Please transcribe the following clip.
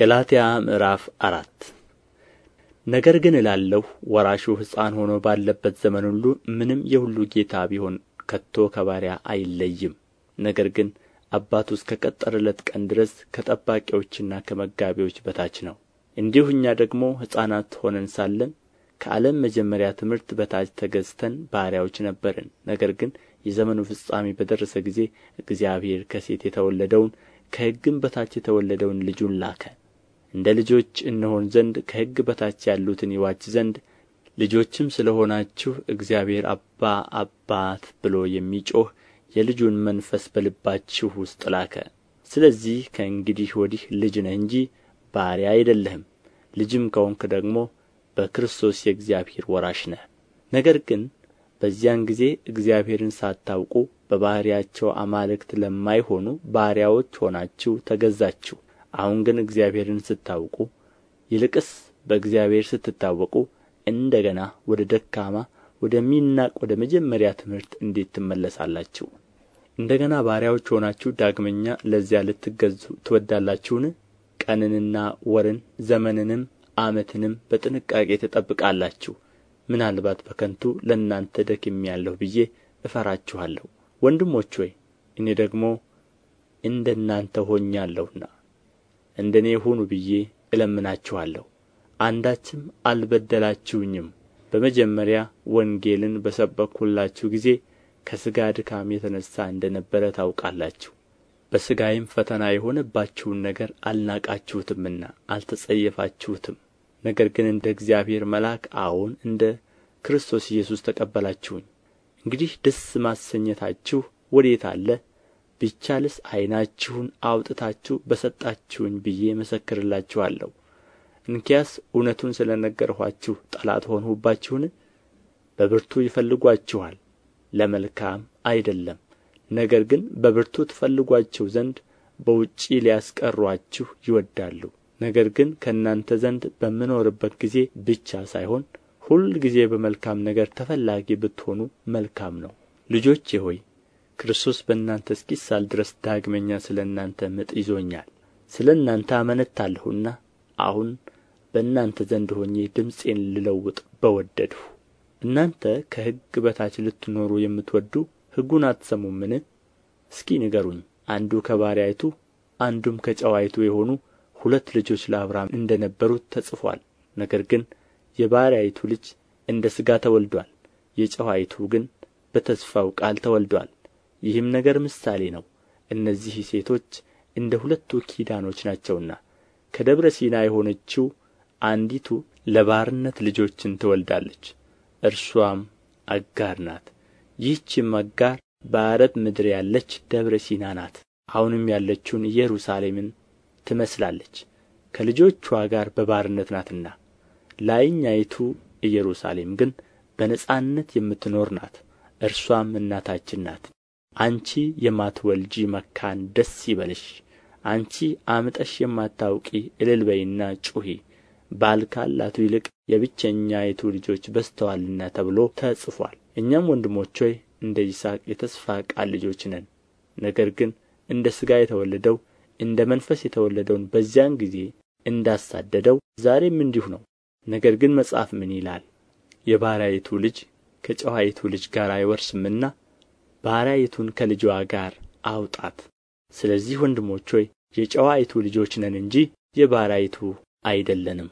ገላትያ ምዕራፍ አራት ነገር ግን እላለሁ ወራሹ ሕፃን ሆኖ ባለበት ዘመን ሁሉ ምንም የሁሉ ጌታ ቢሆን ከቶ ከባሪያ አይለይም ነገር ግን አባቱ እስከ ቀጠረለት ቀን ድረስ ከጠባቂዎችና ከመጋቢዎች በታች ነው እንዲሁ እኛ ደግሞ ሕፃናት ሆነን ሳለን ከዓለም መጀመሪያ ትምህርት በታች ተገዝተን ባሪያዎች ነበርን ነገር ግን የዘመኑ ፍጻሜ በደረሰ ጊዜ እግዚአብሔር ከሴት የተወለደውን ከሕግም በታች የተወለደውን ልጁን ላከ እንደ ልጆች እንሆን ዘንድ ከሕግ በታች ያሉትን ይዋጅ ዘንድ ልጆችም ስለ ሆናችሁ እግዚአብሔር አባ አባት ብሎ የሚጮኽ የልጁን መንፈስ በልባችሁ ውስጥ ላከ ስለዚህ ከእንግዲህ ወዲህ ልጅ ነህ እንጂ ባሪያ አይደለህም ልጅም ከሆንክ ደግሞ በክርስቶስ የእግዚአብሔር ወራሽ ነህ ነገር ግን በዚያን ጊዜ እግዚአብሔርን ሳታውቁ በባሕርያቸው አማልክት ለማይሆኑ ባሪያዎች ሆናችሁ ተገዛችሁ አሁን ግን እግዚአብሔርን ስታውቁ ይልቅስ በእግዚአብሔር ስትታወቁ እንደ ገና ወደ ደካማ ወደሚናቅ ወደ መጀመሪያ ትምህርት እንዴት ትመለሳላችሁ እንደ ገና ባሪያዎች ሆናችሁ ዳግመኛ ለዚያ ልትገዙ ትወዳላችሁን ቀንንና ወርን ዘመንንም ዓመትንም በጥንቃቄ ትጠብቃላችሁ ምናልባት በከንቱ ለእናንተ ደክሜአለሁ ብዬ እፈራችኋለሁ ወንድሞች ሆይ እኔ ደግሞ እንደ እናንተ ሆኛለሁና እንደ እኔ ሁኑ ብዬ እለምናችኋለሁ አንዳችም አልበደላችሁኝም በመጀመሪያ ወንጌልን በሰበክሁላችሁ ጊዜ ከሥጋ ድካም የተነሣ እንደ ነበረ ታውቃላችሁ በሥጋዬም ፈተና የሆነባችሁን ነገር አልናቃችሁትምና አልተጸየፋችሁትም ነገር ግን እንደ እግዚአብሔር መልአክ አዎን እንደ ክርስቶስ ኢየሱስ ተቀበላችሁኝ እንግዲህ ደስ ማሰኘታችሁ ወዴት አለ ቢቻልስ ዓይናችሁን አውጥታችሁ በሰጣችሁኝ ብዬ እመሰክርላችኋለሁ እንኪያስ እውነቱን ስለ ነገርኋችሁ ጠላት ሆንሁባችሁን በብርቱ ይፈልጓችኋል ለመልካም አይደለም ነገር ግን በብርቱ ትፈልጓቸው ዘንድ በውጪ ሊያስቀሯችሁ ይወዳሉ ነገር ግን ከእናንተ ዘንድ በምኖርበት ጊዜ ብቻ ሳይሆን ሁልጊዜ በመልካም ነገር ተፈላጊ ብትሆኑ መልካም ነው ልጆቼ ሆይ ክርስቶስ በእናንተ እስኪሳል ድረስ ዳግመኛ ስለ እናንተ ምጥ ይዞኛል ስለ እናንተ አመነታለሁና አሁን በእናንተ ዘንድ ሆኜ ድምፄን ልለውጥ በወደድሁ እናንተ ከሕግ በታች ልትኖሩ የምትወዱ ሕጉን አትሰሙምን? እስኪ ንገሩኝ። አንዱ ከባሪያይቱ አንዱም ከጨዋይቱ የሆኑ ሁለት ልጆች ለአብርሃም እንደ ነበሩት ተጽፏል። ነገር ግን የባሪያይቱ ልጅ እንደ ሥጋ ተወልዷል። የጨዋይቱ ግን በተስፋው ቃል ተወልዷል። ይህም ነገር ምሳሌ ነው እነዚህ ሴቶች እንደ ሁለቱ ኪዳኖች ናቸውና ከደብረ ሲና የሆነችው አንዲቱ ለባርነት ልጆችን ትወልዳለች እርሷም አጋር ናት ይህችም አጋር በአረብ ምድር ያለች ደብረ ሲና ናት አሁንም ያለችውን ኢየሩሳሌምን ትመስላለች ከልጆቿ ጋር በባርነት ናትና ላይኛይቱ ኢየሩሳሌም ግን በነጻነት የምትኖር ናት እርሷም እናታችን ናት አንቺ የማትወልጂ መካን ደስ ይበልሽ አንቺ አምጠሽ የማታውቂ እልል በይና ጩኺ ባል ካላቱ ይልቅ የብቸኛይቱ ልጆች በዝተዋልና ተብሎ ተጽፏል እኛም ወንድሞች ሆይ እንደ ይስሐቅ የተስፋ ቃል ልጆች ነን ነገር ግን እንደ ሥጋ የተወለደው እንደ መንፈስ የተወለደውን በዚያን ጊዜ እንዳሳደደው ዛሬም እንዲሁ ነው ነገር ግን መጽሐፍ ምን ይላል የባሪያይቱ ልጅ ከጨዋይቱ ልጅ ጋር አይወርስምና ባሪያይቱን ከልጅዋ ጋር አውጣት ስለዚህ ወንድሞች ሆይ የጨዋይቱ ልጆች ነን እንጂ የባሪያይቱ አይደለንም